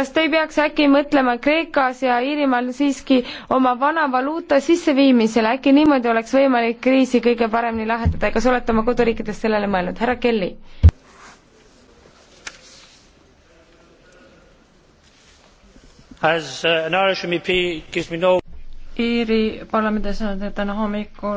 kas te ei peaks äkki mõtlema Kreekas ja Iirimaal siiski oma vana valuuta sisseviimisele, äkki niimoodi oleks võimalik kriisi kõige paremini lahendada, kas olete oma koduriikides sellele mõelnud, härra Kelly? As uh, an Irish MEP gives me no Iiri parlamendis on täna hommikul